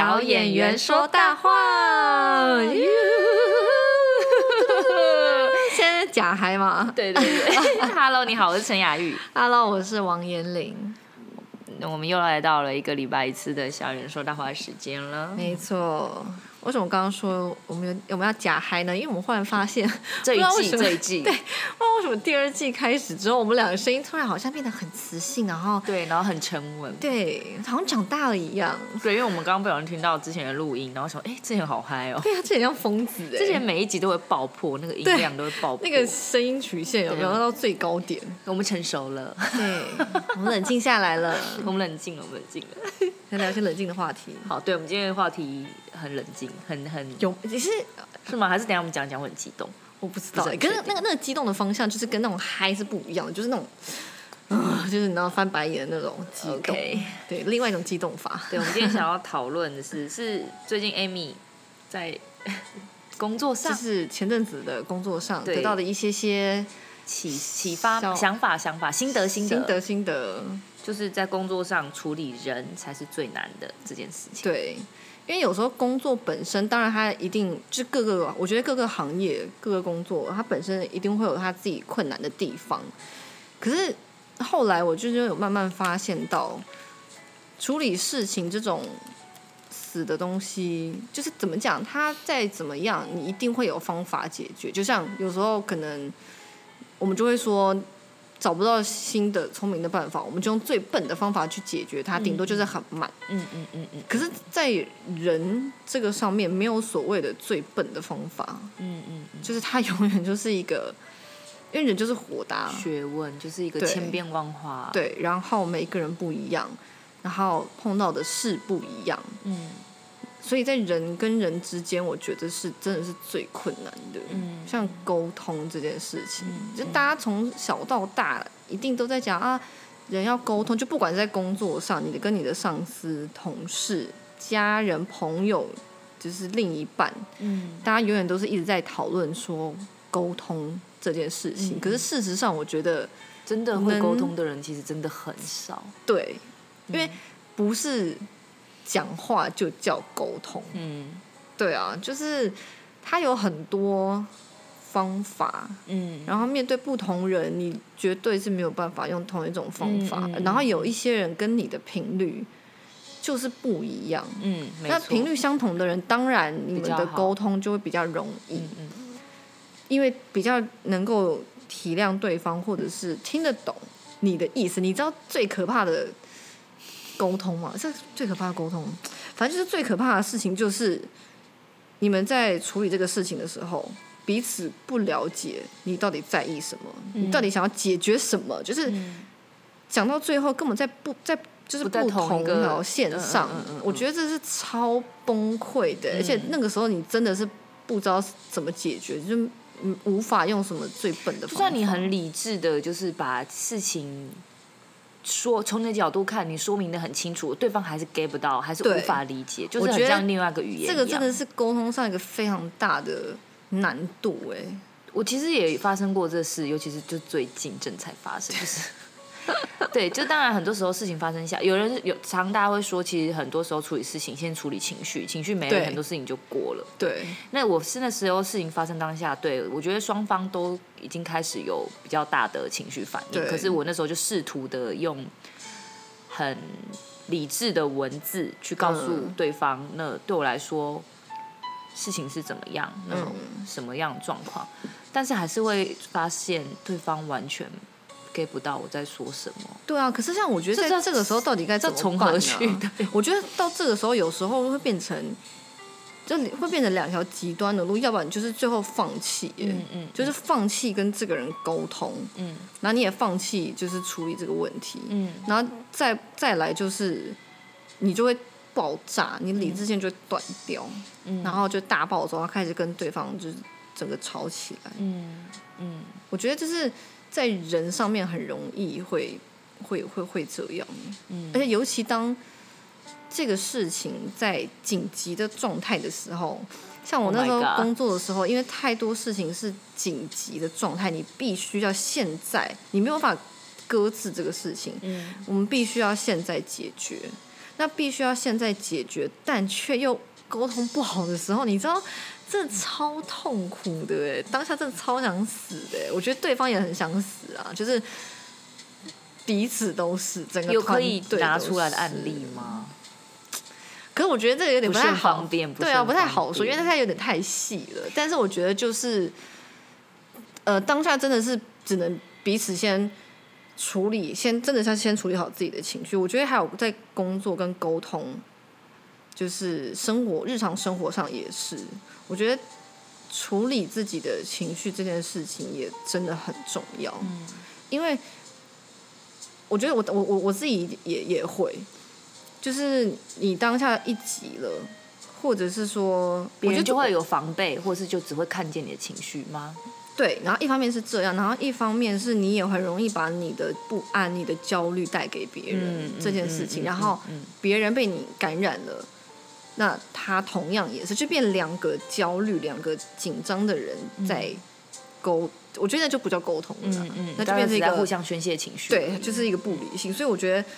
小演員說大話，現在假嗨嗎？對對對 ，Hello，你好，我是陳雅玉。Hello，我是王彥霖。我們又來到了一個禮拜一次的小演員說大話時間了。沒錯。為什麼剛剛說我們有我們要假嗨呢？因為我們忽然發現這一季，這一季，對，為什麼第二季開始之後，我們兩個聲音突然好像變得很磁性，然後對，然後很沉穩，對，好像長大了一樣。對，因為我們剛剛不小心聽到之前的錄音，然後想，哎，之前好嗨哦，對呀、啊，之前像瘋子，之前每一集都會爆破，那個音量都會爆破，那個聲音曲線有沒有到最高點？我們成熟了，對， 我們冷靜下來了，是我們冷靜了，我們冷靜了。來聊一些冷靜的話題。好，對，我們今天的話題很冷靜，很很有，你是是嗎？還是等下我們講講很激動？我不知道，可是那個那個激動的方向就是跟那種嗨是不一樣的，就是那種、呃、就是你知道翻白眼的那種激動。Okay. 對，另外一種激動法。對，我們今天想要討論的是， 是最近 Amy 在工作上，就是前陣子的工作上得到的一些些啟啟發、小想法、想法、心得、心得、心得、心得。就是在工作上處理人才是最難的這件事情。對，因為有時候工作本身，當然他一定就各個，我覺得各個行業、各個工作，他本身一定會有他自己困難的地方。可是後來，我就是有慢慢發現到，處理事情這種死的東西，就是怎麼講，他再怎麼樣，你一定會有方法解決。就像有時候可能，我們就會說。找不到新的聰明的辦法，我們就用最笨的方法去解決它，嗯、頂多就是很慢、嗯。嗯嗯嗯嗯。嗯可是，在人這個上面，沒有所謂的最笨的方法。嗯嗯。嗯嗯就是他永遠就是一個，因為人就是活的學問，就是一個千變萬化。對，然後每個人不一樣，然後碰到的事不一樣。嗯。所以在人跟人之間，我覺得是真的是最困難的，像溝通這件事情，就大家從小到大一定都在講啊，人要溝通，就不管是在工作上，你的跟你的上司、同事、家人、朋友，就是另一半，嗯，大家永遠都是一直在討論說溝通這件事情。可是事實上，我覺得真的會溝通的人其實真的很少，對，因為不是。講話就叫溝通，嗯，對啊，就是它有很多方法，嗯，然後面對不同人，你絕對是沒有辦法用同一種方法，嗯，然後有一些人跟你的頻率就是不一樣，嗯，那頻率相同的人，嗯，當然你們的溝通就會比較容易，嗯，因為比較能夠體諒對方，或者是聽得懂你的意思，你知道最可怕的。溝通嘛，這是最可怕的溝通，反正就是最可怕的事情，就是你們在處理這個事情的時候，彼此不了解你到底在意什麼，嗯、你到底想要解決什麼，就是講、嗯、到最後根本在不在就是不同條線上，嗯嗯嗯嗯、我覺得這是超崩潰的，嗯、而且那個時候你真的是不知道怎麼解決，嗯、就是無法用什麼最笨的方法，方就算你很理智的，就是把事情。說從你的角度看，你說明得很清楚，對方還是 get 不到，還是無法理解，對就是像另外一個語言一樣。這個真的是溝通上一個非常大的難度，哎、欸！我其實也發生過這事，尤其是就最近正才發生。對就是 對，就當然很多時候事情發生下，有人有常大家會說，其實很多時候處理事情先處理情緒，情緒沒了對很多事情就過了。對，那我是那時候事情發生當下，對我覺得雙方都已經開始有比較大的情緒反應，對可是我那時候就試圖的用很理智的文字去告訴對方，嗯、那對我來說事情是怎麼樣，那種什麼樣的狀況，嗯、但是還是會發現對方完全。get 不到我在說什麼？對啊，可是像我覺得在這個時候到底該怎麼辦呢、啊？我覺得到這個時候有時候會變成，就會變成兩條極端的路，要不然就是最後放棄、嗯，嗯，嗯就是放棄跟這個人溝通，嗯，然後你也放棄就是處理這個問題，嗯，然後再再來就是你就會爆炸，你理智線就會斷掉，嗯，然後就大爆炸開始跟對方就是整個吵起來，嗯嗯，嗯我覺得就是。在人上面很容易會會會會這樣，嗯、而且尤其當這個事情在緊急的狀態的時候，像我那時候工作的時候，oh、因為太多事情是緊急的狀態，你必須要現在，你沒有辦法擱置這個事情，嗯、我們必須要現在解決，那必須要現在解決，但卻又。溝通不好的時候，你知道，真的超痛苦的，對。當下真的超想死的。我覺得對方也很想死啊，就是彼此都是。整個團隊都是。有可以拿出來的案例嗎？可是我覺得這個有點不太好，不方便，不方便。對啊，不太好說，因為它有點太細了。但是我覺得就是，呃，當下真的是只能彼此先處理，先真的先先處理好自己的情緒。我覺得還有在工作跟溝通。就是生活，日常生活上也是。我覺得處理自己的情緒這件事情也真的很重要，嗯、因為我覺得我我我我自己也也會，就是你當下一急了，或者是說別人就會有防備，我或是就只會看見你的情緒嗎？對，然後一方面是這樣，然後一方面是你也很容易把你的不安、你的焦慮帶給別人、嗯嗯、這件事情，嗯嗯、然後別人被你感染了。那他同樣也是，就變兩個焦慮、兩個緊張的人在溝，嗯、我覺得那就不叫溝通了。嗯嗯、那就變成一個互相宣洩情緒。對，就是一個不理性。嗯、所以我覺得，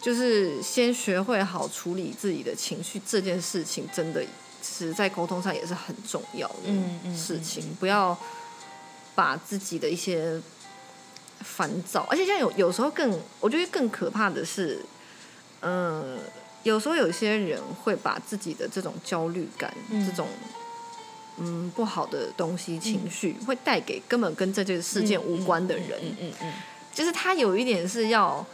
就是先學會好處理自己的情緒這件事情，真的是在溝通上也是很重要的事情。嗯嗯、不要把自己的一些煩躁，而且像有有時候更，我覺得更可怕的是，嗯。有時候有些人會把自己的這種焦慮感、嗯、這種嗯不好的東西、情緒、嗯、會帶給根本跟這這個事件無關的人。嗯嗯，嗯嗯嗯嗯，就是他有一點是要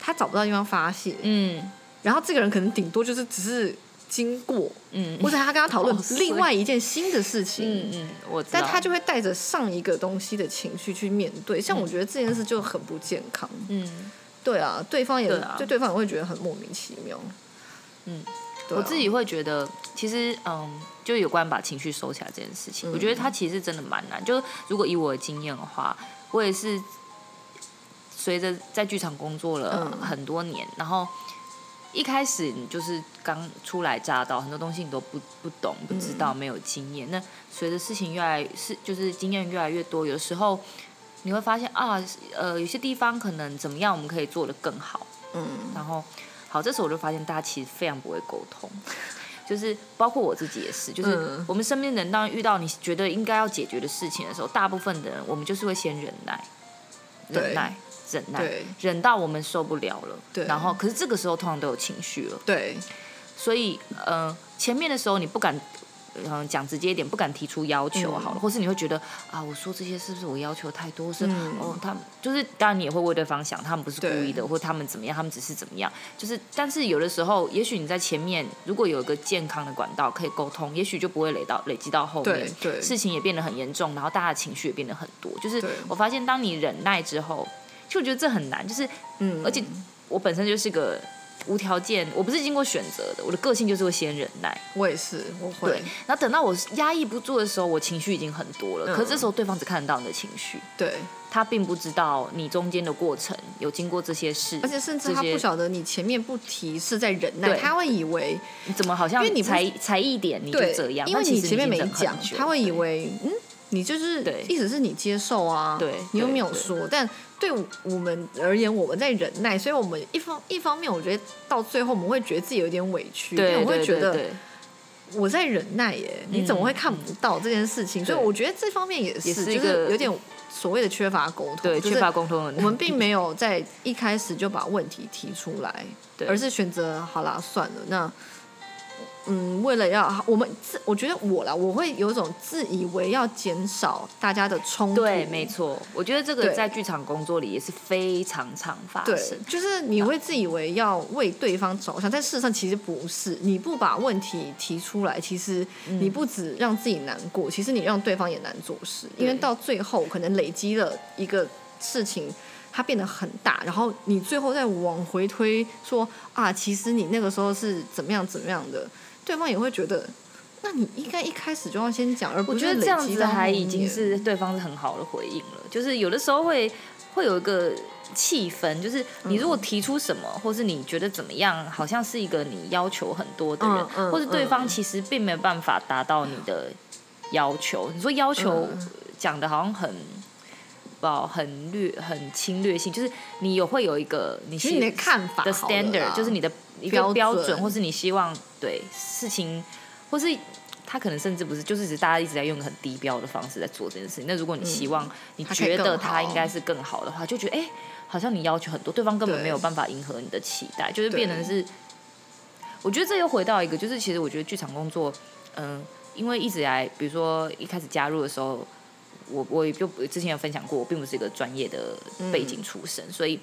他找不到地方發洩。嗯，然後這個人可能頂多就是只是經過，嗯，或者他跟他討論另外一件新的事情。哦、嗯嗯，我知道。但他就會帶着上一個東西的情緒去面對。像我覺得這件事就很不健康。嗯。嗯對啊，對方也，對啊，就對方也會覺得很莫名其妙。嗯，對啊、我自己會覺得，其實，嗯，就有關把情緒收起來這件事情，嗯，我覺得它其實真的蠻難。就如果以我的經驗的話，我也是隨着在劇場工作了，嗯，很多年，然後一開始你就是剛初來乍到，很多東西你都不不懂，不知道，嗯，沒有經驗。那隨着事情越來是，就是經驗越來越多，有的時候。你會發現啊，呃，有些地方可能怎麼樣，我們可以做得更好。嗯，然後，好，這時候我就發現大家其實非常不會溝通，就是包括我自己也是，就是我們身邊人，當遇到你覺得應該要解決的事情的時候，大部分的人我們就是會先忍耐，忍耐，對忍耐，對忍到我們受不了了。對，然後，可是這個時候通常都有情緒了。對，所以，呃，前面的時候你不敢。嗯，講直接一點，不敢提出要求好了，嗯、或是你會覺得啊，我說這些是不是我要求太多？是、嗯、哦，他們就是，當然你也會為對方想，他們不是故意的，對或他們怎麼樣，他們只是怎麼樣。就是，但是有的時候，也許你在前面如果有一個健康的管道可以溝通，也許就不會累到累積到後面，對對事情也變得很嚴重，然後大家的情緒也變得很多。就是對我發現，當你忍耐之後，就我覺得這很難，就是嗯，而且我本身就是個。無條件，我不是經過選擇的，我的個性就是會先忍耐。我也是，我會。然後等到我壓抑不住的時候，我情緒已經很多了。可是這時候對方只看得到你的情緒，對，他並不知道你中間的過程有經過這些事，而且甚至他不曉得你前面不提是在忍耐，他會以為你怎麼好像因為你才才一點你就這樣，因為你前面沒講，他會以為嗯，你就是意思是你接受啊，對你又沒有說，但。對我們而言，我們在忍耐，所以，我們一方一方面，我覺得到最後我們會覺得自己有點委屈，對因為我會覺得我在忍耐耶，你怎麼會看不到這件事情？嗯、所以，我覺得這方面也是，也是就是有點所謂的缺乏溝通，對，缺乏溝通。我們並沒有在一開始就把問題提出來，對而是選擇好啦，算了，那。嗯，為了要我們，我覺得我啦，我會有一種自以為要減少大家的衝突。對，沒錯，我覺得這個在劇場工作裡也是非常常發生。對，就是你會自以為要為對方着想，但事實上其實不是。你不把問題提出來，其實你不止讓自己難過，嗯，其實你讓對方也難做事。因為到最後，可能累積了一個事情，它變得很大，然後你最後再往回推說，說啊，其實你那個時候是怎麼樣怎麼樣的。對方也會覺得，那你應該一開始就要先講，而不是我覺得這樣子還已經是對方是很好的回應了。就是有的時候會會有一個氣氛，就是你如果提出什麼，嗯、哼或是你覺得怎麼樣，好像是一個你要求很多的人，嗯嗯嗯、或是對方其實並沒有辦法達到你的要求。你說要求講得、嗯呃、好像很。哦，很略，很侵略性，就是你有會有一個，你心裡的看法，the standard，就是你的一個標準，標準或是你希望對事情，或是他可能甚至不是，就是大家一直在用很低標的方式在做這件事情。那、嗯、如果你希望，你覺得他應該是更好的話，就覺得哎、欸，好像你要求很多，對方根本沒有辦法迎合你的期待，對就是變成是。我覺得這又回到一個，就是其實我覺得劇場工作，嗯，因為一直以來，比如說一開始加入的時候。我我也就之前有分享過，我並不是一個專業的背景出身，嗯、所以，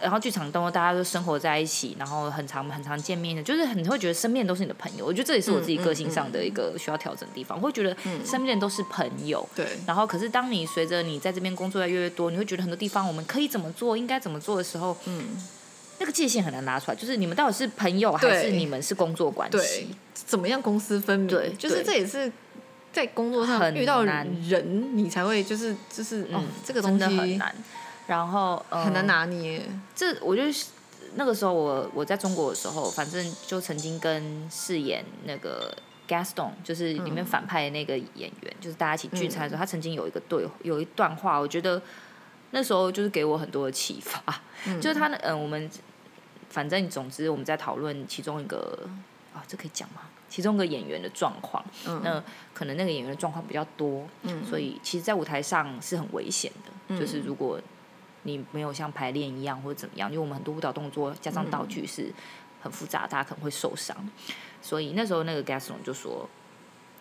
然後劇場當中大家都生活在一起，然後很常很常見面的，就是很會覺得身邊都是你的朋友。我覺得這也是我自己個性上的一個需要調整的地方，嗯嗯嗯，我會覺得身邊都是朋友。對、嗯，然後可是當你隨着你在這邊工作越來越多，你會覺得很多地方我們可以怎麼做，應該怎麼做的時候，嗯，那個界限很難拿出來，就是你們到底是朋友還是你們是工作關係？對，怎麼樣公私分明？對，就是這也是。在工作上遇到人，很難人你才會就是就是，嗯、哦，這個東西真的很難，然後很、嗯嗯、難拿捏。這我就是、那個時候我我在中國的時候，反正就曾經跟飾演那個 Gaston，就是裡面反派的那個演員，嗯、就是大家一起聚餐的時候，嗯、他曾經有一個對有一段話，我覺得那時候就是給我很多的啟發。嗯、就是他嗯，我們反正總之我們在討論其中一個啊、哦，這可以講嗎？其中一個演員的狀況，嗯、那可能那個演員的狀況比較多，嗯、所以其實，在舞台上是很危險的。嗯、就是如果你沒有像排練一樣或者怎麼樣，嗯、因為我們很多舞蹈動作加上道具是很複雜，嗯、大家可能會受傷。嗯、所以那時候那個 Gaston 就說，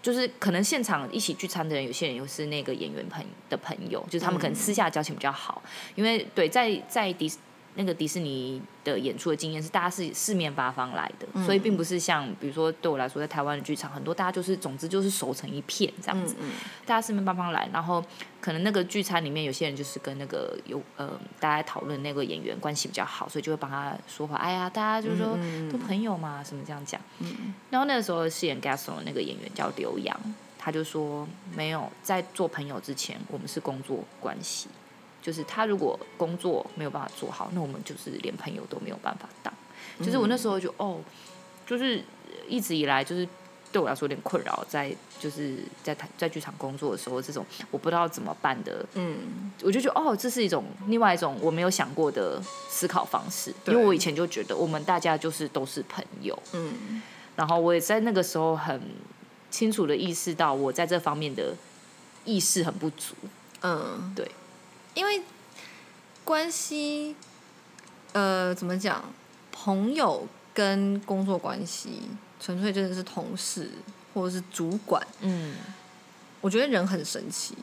就是可能現場一起聚餐的人，有些人又是那個演員朋的朋友，就是他們可能私下交情比較好。嗯、因為對在在迪。那個迪士尼的演出的經驗是大家是四面八方來的，嗯、所以並不是像比如說，對我來說在台灣的劇場很多，大家就是總之就是熟成一片這樣子，嗯嗯、大家四面八方來，然後可能那個聚餐裡面有些人就是跟那個有呃大家討論那個演員關係比較好，所以就會幫他說話。哎呀，大家就是說、嗯、都朋友嘛，嗯、什麼這樣講。嗯、然後那個時候飾演 Gaston 的那個演員叫劉洋，他就說，沒有在做朋友之前，我們是工作關係。就是他如果工作沒有辦法做好，那我們就是連朋友都沒有辦法當。嗯、就是我那時候就哦，就是一直以來就是對我來說有點困擾，在就是在在劇場工作的時候，這種我不知道怎麼辦的。嗯，我就覺得哦，這是一種另外一種我沒有想過的思考方式，對因為我以前就覺得我們大家就是都是朋友。嗯，然後我也在那個時候很清楚的意識到我在這方面的意識很不足。嗯，對。因為關係，呃，怎麼講？朋友跟工作關係，純粹真的是同事或者是主管。嗯，我覺得人很神奇，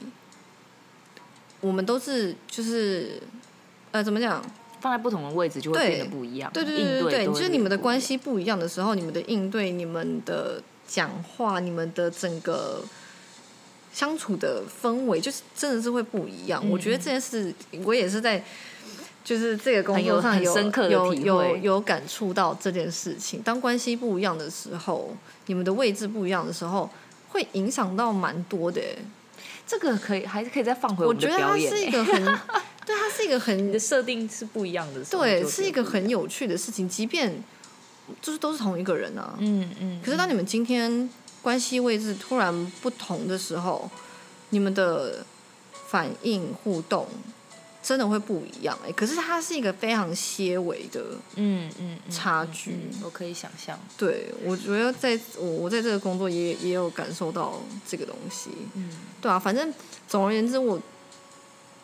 我們都是就是，呃，怎麼講？放在不同的位置就會變得不一樣。對對對，對對對對，對對就是你們的關係不一樣的時候，時候嗯、你們的應對、你們的講話、你們的整個。相處的氛圍就是真的是會不一樣。嗯、我覺得這件事，我也是在就是這個工作上有有深刻的有有，有感觸到這件事情。當關係不一樣的時候，你們的位置不一樣的時候，會影響到蠻多的。這個可以還是可以再放回我的。我覺得他是一個很， 對，他是一個很你的設定是不一樣的一樣。對，是一個很有趣的事情，即便就是都是同一個人啊。嗯嗯。嗯，可是當你們今天。嗯關係位置突然不同的時候，你們的反應互動真的會不一樣、欸。可是它是一個非常些微的嗯嗯差距嗯嗯嗯嗯嗯。我可以想象。對，我覺得在我我在這個工作也也有感受到這個東西。嗯，對啊，反正總而言之，我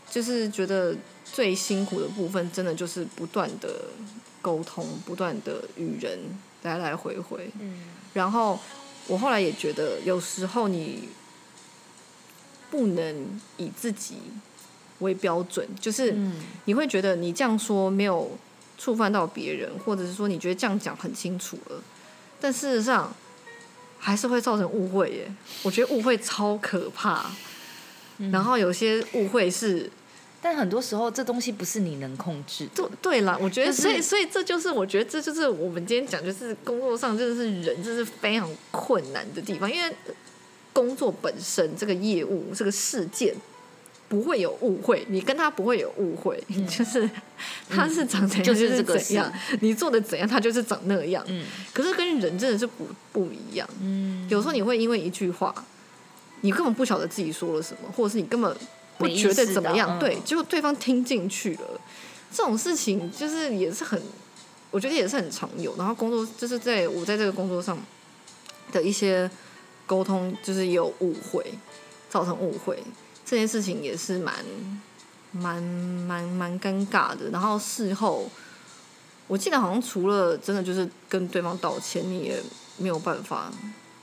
就是覺得最辛苦的部分，真的就是不斷的溝通，不斷的與人來來回回。嗯，然後。我後來也覺得，有時候你不能以自己為標準，就是你會覺得你這樣說沒有觸犯到別人，或者是說你覺得這樣講很清楚了，但事實上還是會造成誤會耶。我覺得誤會超可怕，然後有些誤會是。但很多時候，這東西不是你能控制的。這對啦，我覺得，所以是所以這就是我覺得這就是我們今天講，就是工作上真的是人，這是非常困難的地方。因為工作本身這個業務這個事件不會有誤會，你跟他不會有誤會，嗯、就是他是長怎樣，就是怎樣、嗯，就是這個樣，你做的怎樣，他就是長那個樣。嗯、可是跟人真的是不不一樣。嗯，有時候你會因為一句話，你根本不曉得自己說了什麼，或者是你根本。不覺得怎麼樣，對，結果對方聽進去了，這種事情就是也是很，我覺得也是很常有。然後工作就是在我在這個工作上的一些溝通，就是有誤會，造成誤會這件事情也是蠻蠻蠻蠻尷尬的。然後事後，我記得好像除了真的就是跟對方道歉，你也沒有辦法。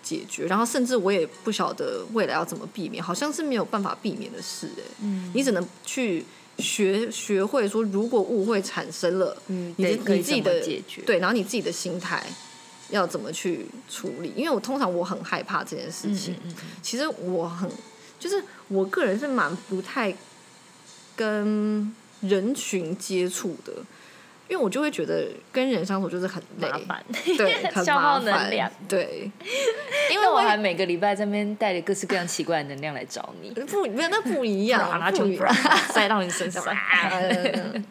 解決，然後甚至我也不曉得未來要怎麼避免，好像是沒有辦法避免的事哎、欸。嗯，你只能去學學會說，如果誤會產生了，嗯，你你自己的解決對，然後你自己的心態要怎麼去處理？因為我通常我很害怕這件事情，嗯，嗯，嗯，其實我很就是我個人是蠻不太跟人群接觸的。因為我就會覺得跟人相處就是很累麻煩煩，對，很麻煩，消耗能量，對。 因為我還每個禮拜在那邊帶着各式各樣奇怪的能量來找你。不，那不，不，不一樣，不，塞到你身上來。 哎、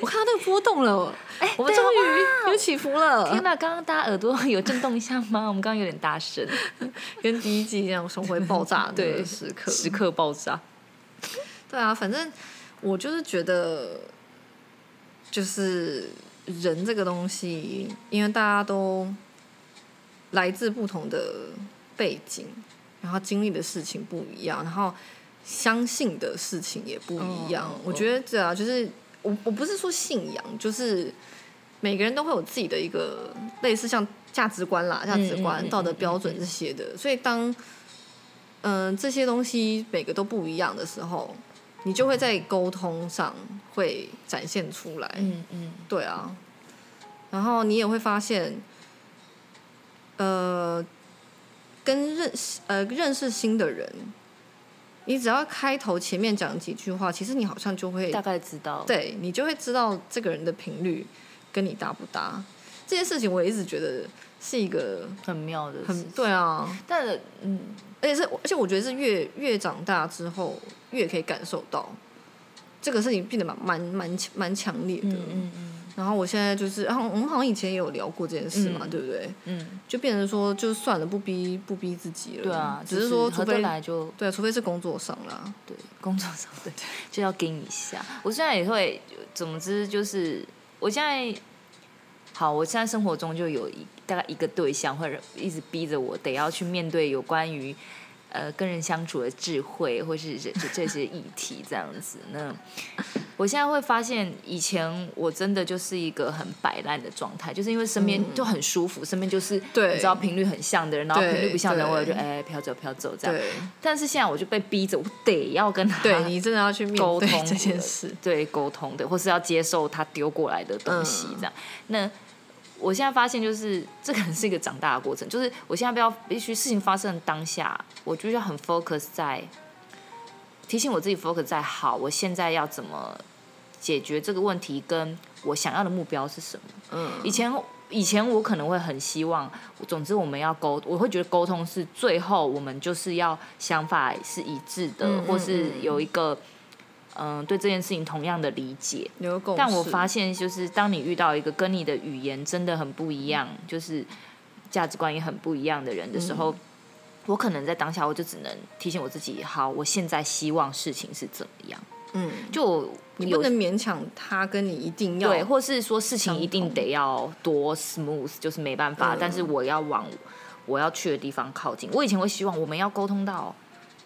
我看到那個波動了，哎、我們終於有起伏了。啊、天哪，剛剛大家耳朵有震動一下嗎？我們剛剛有點大聲， 跟第一季一樣，生活爆炸，對，時刻 對，時刻爆炸。對啊，反正我就是覺得。就是人這個東西，因為大家都來自不同的背景，然後經歷的事情不一樣，然後相信的事情也不一樣。Oh, oh, oh. 我覺得這啊，就是我我不是說信仰，就是每個人都會有自己的一個類似像價值觀啦、價值觀、嗯、道德標準這些的。嗯嗯嗯嗯。所以當嗯、呃、這些東西每個都不一樣的時候。你就會在溝通上會展現出來，嗯嗯，對啊，然後你也會發現，呃，跟認識，呃，認識新的人，你只要開頭前面講幾句話，其實你好像就會大概知道，對，你就會知道這個人的頻率跟你搭不搭。這件事情我一直覺得是一個很，很妙的事情，很對啊。但是嗯，而且是而且我覺得是越越長大之後越可以感受到，這個事情變得蠻蠻蠻，蠻強烈的。嗯嗯嗯、然後我現在就是，然後我們好像以前也有聊過這件事嘛，嗯、對不對？嗯。就變成說，就算了，不逼不逼自己了。對啊。只是說，除非來就對啊，除非是工作上啦。對，工作上對，就要給你一下。 我現在也會，總之就是我現在。好，我現在生活中就有一大概一個對象，或者一直逼着我得要去面對有關於，呃，跟人相處的智慧，或是這這些議題這樣子。那我現在會發現，以前我真的就是一個很擺爛的狀態，就是因為身邊、嗯、就很舒服，身邊就是對你知道頻率很像的人，然後頻率不像的人，我就哎、欸、飄走飄走這樣。對但是現在我就被逼着，我得要跟他對，你真的要去面對這件事，對溝通的，或是要接受他丟過來的東西這樣。嗯、那我現在發現，就是這可能是一個長大的過程。就是我現在不要必須事情發生當下，我就要很 focus 在提醒我自己 focus 在好，我現在要怎麼解決這個問題，跟我想要的目標是什麼。嗯。以前以前我可能會很希望，總之我們要溝，我會覺得溝通是最後我們就是要想法是一致的，嗯嗯嗯，或是有一個。嗯，對這件事情同樣的理解，但我發現就是當你遇到一個跟你的語言真的很不一樣，嗯、就是價值觀也很不一樣的人的時候，嗯、我可能在當下我就只能提醒我自己，好，我現在希望事情是怎麼樣，嗯，就我，你不能勉強他跟你一定要對，或是說事情一定得要多 smooth，就是沒辦法，嗯、但是我要往我要去的地方靠近。我以前會希望我們要溝通到。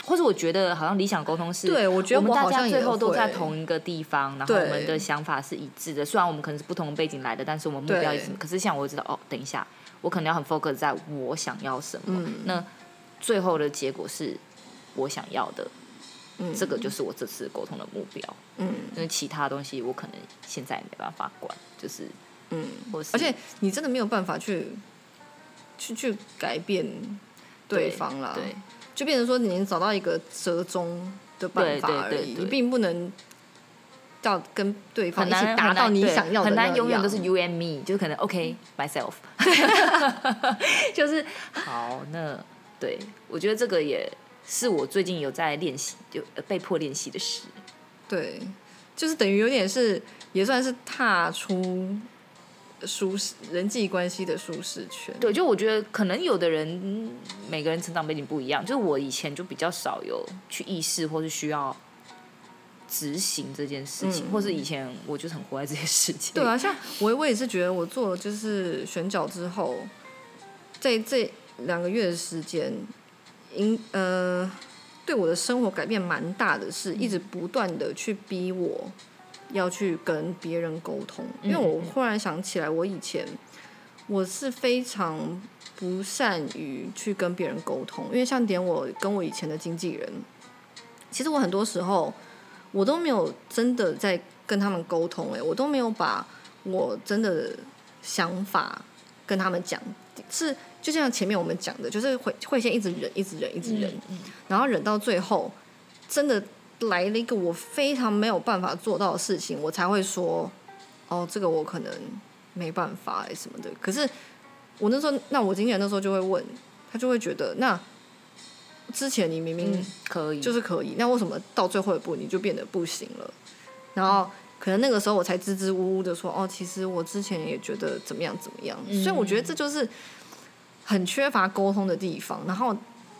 或者我覺得好像理想溝通是對。我覺得我，我們大家最後都在同一個地方，然後我們的想法是一致的。對雖然我們可能是不同背景來的，但是我們目標一致。對可是像我知道，哦，等一下，我可能要很 focus 在我想要什麼。嗯、那最後的結果是我想要的，嗯、這個就是我這次溝通的目標。嗯、因為其他東西我可能現在也沒辦法管，就是嗯，是而且你真的沒有辦法去去去改變對方了。對對。就變成說，你能找到一個折中的辦法而已。對對對對，你並不能叫跟對方一起達到你想要的很。很難永遠都是 you and me，就可能 OK myself， 就是好。那對，我覺得這個也是我最近有在練習，就、呃、被迫練習的事。對，就是等於有點是也算是踏出。舒適人際關係的舒適圈。對，就我覺得可能有的人，每個人成長背景不一樣。就我以前就比較少有去意識或是需要執行這件事情，嗯、或是以前我就是很活在這些事情。對啊，像我我也是覺得我做了就是選角之後，在這兩個月的時間，因呃對我的生活改變蠻大的是，是、嗯、一直不斷的去逼我。要去跟別人溝通，因為我忽然想起來，我以前我是非常不善於去跟別人溝通，因為像點我跟我以前的經紀人，其實我很多時候我都沒有真的在跟他們溝通、欸，誒，我都沒有把我真的想法跟他們講，是就像前面我們講的，就是會會先一直忍，一直忍，一直忍，然後忍到最後，真的。來了一個我非常沒有辦法做到的事情，我才會說，哦，這個我可能沒辦法、欸、什麼的。可是我那時候，那我經紀人那時候就會問他，就會覺得，那之前你明明可以，就是可以，嗯、可以。那為什麼到最後一步你就變得不行了？然後可能那個時候我才支支吾吾的說，哦，其實我之前也覺得怎麼樣怎麼樣，所以我覺得這就是很缺乏溝通的地方。然後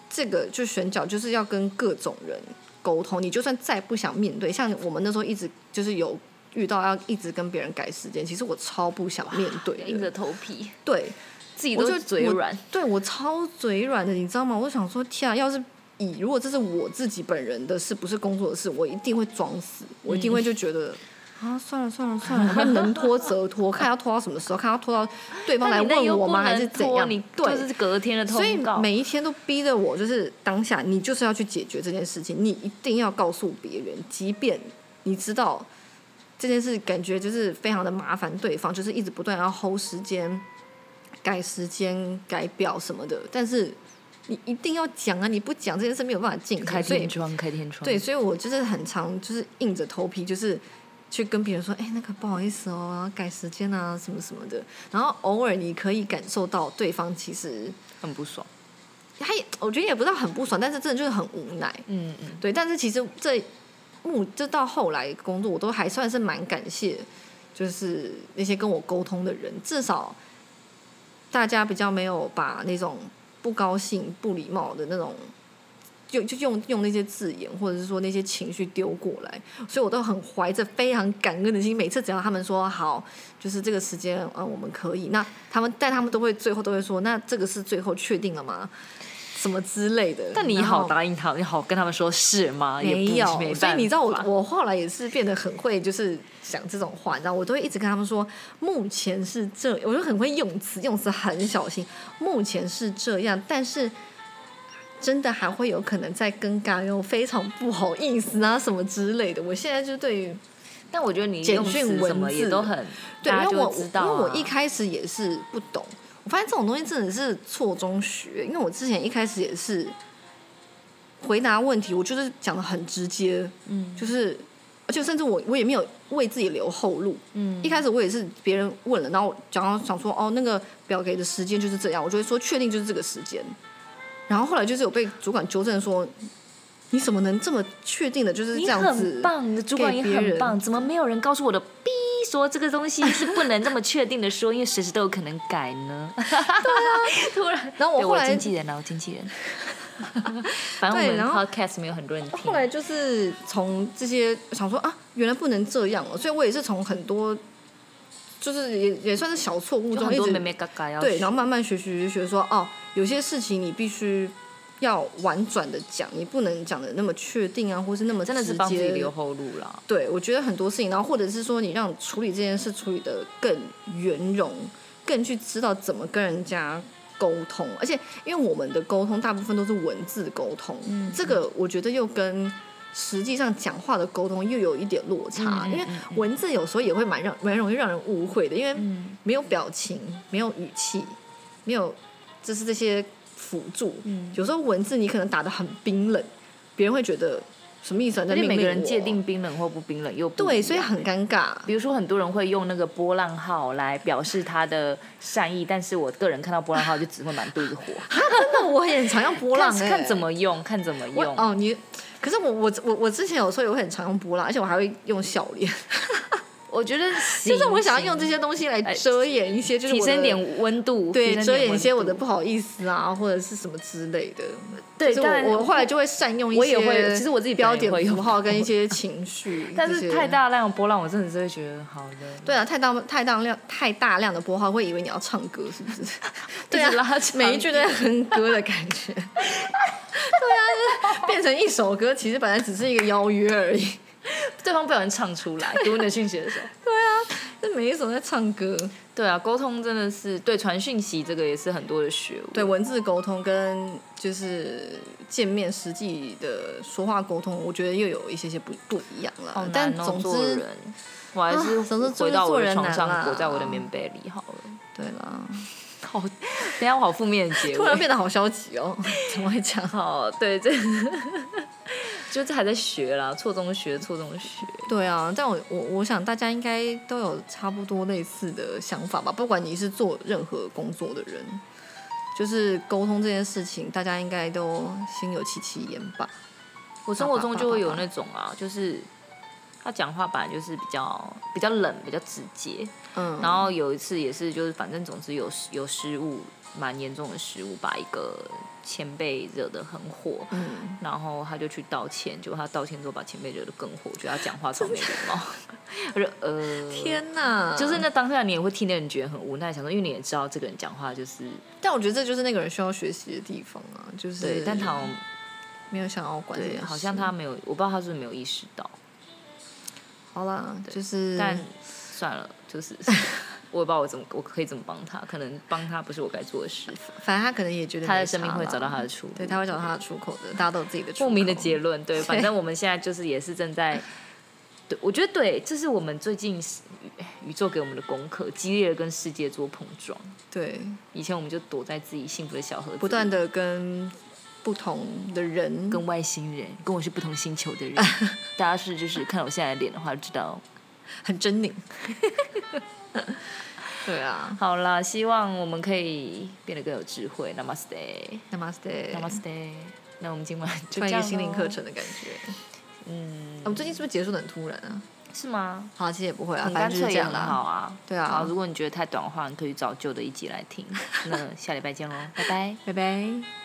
這個就選角就是要跟各種人。溝通，你就算再不想面對，像我們那時候一直就是有遇到要一直跟別人改時間，其實我超不想面對，硬着頭皮，對自己都是嘴軟，對我超嘴軟的，你知道嗎？我想說，天啊，要是以如果這是我自己本人的事，不是工作的事，我一定會裝死，我一定會就覺得。嗯啊，算了算了算了，算了，能拖則拖， 看要拖到什麼時候，看要拖到對方來問我嗎？你還是怎樣？對，你就是隔天的，所以每一天都逼着我，就是當下你就是要去解決這件事情，你一定要告訴別人，即便你知道這件事感覺就是非常的麻煩，對方就是一直不斷要 hold 時間、改時間、改表什麼的，但是你一定要講啊！你不講這件事沒有辦法進行，開天窗，開天窗，對，所以我就是很常就是硬着頭皮就是。去跟別人說，哎，那個不好意思哦，改時間啊，什麼什麼的。然後偶爾你可以感受到對方其實很不爽，他也，我覺得也不是很不爽，但是真的就是很無奈。嗯嗯。對，但是其實這目這到後來工作，我都還算是蠻感謝，就是那些跟我溝通的人，至少大家比較沒有把那種不高興、不禮貌的那種。就就用用那些字眼，或者是說那些情緒丟過來，所以我都很懷着非常感恩的心。每次只要他們說好，就是這個時間，嗯，我們可以。那他們，但他們都會最後都會說，那這個是最後確定了嗎？什麼之類的。但你好答應他們，然後，你好跟他們說是嗎？沒有，也沒所以你知道我，我後來也是變得很會就是講這種話，你知道，我都會一直跟他們說，目前是這，我就很會用詞，用詞很小心。目前是這樣，但是。真的還會有可能再更改喲，又非常不好意思啊，什麼之類的。我現在就對於，但我覺得你簡訊文字也都很，對，知道啊、因為我因為我一開始也是不懂，我發現這種東西真的是錯中學，因為我之前一開始也是回答問題，我就是講的很直接，嗯，就是而且甚至我我也沒有為自己留後路，嗯，一開始我也是別人問了，然後我講到想說哦，那個表格的時間就是這樣，我就會說確定就是這個時間。然後後來就是有被主管糾正說，你怎麼能這麼確定的就是這樣子？你很棒，你的主管也很棒，怎麼沒有人告訴我的？逼說這個東西是不能這麼確定的說，因為隨時，時都有可能改呢。 對啊，突然，然後我後來我的經紀人、啊，然後經紀人， 反正我們然後 Podcast 沒有很多人聽。後來就是從這些想說啊，原來不能這樣了、哦，所以我也是從很多就是也也算是小錯誤中妹妹嘎嘎一直嘎對，然後慢慢學學學說哦。有些事情你必須要婉轉的講，你不能講的那麼確定啊，或是那麼直接。真的是幫自己留後路了。對，我覺得很多事情，然後或者是說你讓處理這件事處理得更圓融，更去知道怎麼跟人家溝通。而且，因為我們的溝通大部分都是文字溝通，嗯、這個我覺得又跟實際上講話的溝通又有一點落差，嗯、因為文字有時候也會蠻讓蠻容易讓人誤會的，因為沒有表情，沒有語氣，沒有。就是這些輔助，嗯、有時候文字你可能打得很冰冷，別人會覺得什麼意思？你而且每個人界定冰冷或不冰冷又，對，所以很尷尬。比如說很多人會用那個波浪號來表示他的善意，嗯、但是我個人看到波浪號就只會滿肚子火，啊。真的，我很常用波浪，欸、看，看怎麼用，看怎麼用。哦，你，可是我我我我之前有時候也會很常用波浪，而且我還會用笑臉。 我覺得就是我想要用這些東西來遮掩一些，就是提升點溫度，對，遮掩一些我的不好意思啊，嗯、或者是什麼之類的。對，我有我後來就會善用一些，我也會，其實我自己也有標點符號跟一些情緒，但是些太大量波浪，我真的是會覺得好的。對啊，太大太大量太大量的波浪會以為你要唱歌，是不是？ 對、啊，一每一句都在哼歌的感覺。 對啊，就是、變成一首歌，其實本來只是一個邀約而已。對方不小心唱出來，讀你的訊息的時候，對啊，對啊，這每一首在唱歌，對啊，溝通真的是對傳訊息這個也是很多的學問，對文字溝通跟就是見面實際的說話溝通，我覺得又有一些些不不一樣了。哦、但總之，總之我還是、啊、回到我的床上男的男的，裹在我的棉被裡好了。對啦，好，等一下，我好負面節， 突然變得好消極哦，怎麼會講好對，這。 就是還在學啦，錯中學，錯中學。對啊，但我我我想大家應該都有差不多類似的想法吧，不管你是做任何工作的人，就是溝通這件事情，大家應該都心有戚戚焉吧。我生活中就會有那種啊，就是他講話本來就是比較比較冷，比較直接。嗯。然後有一次也是，就是反正總之有有失誤。蠻嚴重的失誤，把一個前輩惹得很火，嗯、然後他就去道歉，結果他道歉之後把前輩惹得更火，覺得他講話超沒禮貌。我說呃，天哪，就是那當下你也會聽的人覺得很無奈，想說，因為你也知道這個人講話就是，但我覺得這就是那個人需要學習的地方啊，就是，對，但他好像沒有想要管這個對，好像他沒有，我不知道他是不是沒有意識到，好啦，就是，對就是，但算了，就是。 我也不知道我怎麼，我可以怎麼幫他？可能幫他不是我該做的事。反正他可能也覺得他的生命會找到他的出口，對，他會找到他的出口的，大家都有自己的出口，莫名的結論。對，反正我們現在就是也是正在，對，我覺得對，這是我們最近宇宇宙給我們的功課，激烈的跟世界做碰撞。對，以前我們就躲在自己幸福的小盒子，不斷的跟不同的人、跟外星人、跟我是不同星球的人，大家是就是看我現在的臉的話，知道很猙獰。 對啊，好啦，希望我們可以變得更有智慧。Namaste，Namaste，Namaste，Namaste。那我們今晚就心靈課程的感覺。嗯，我們最近是不是結束得很突然啊？是嗎？好啊，其實也不會啊，很乾脆反正就是這樣啦。好啊，對啊。對啊，如果你覺得太短的話，你可以找舊的一集來聽。那下禮拜見嘍，拜拜 bye，拜拜。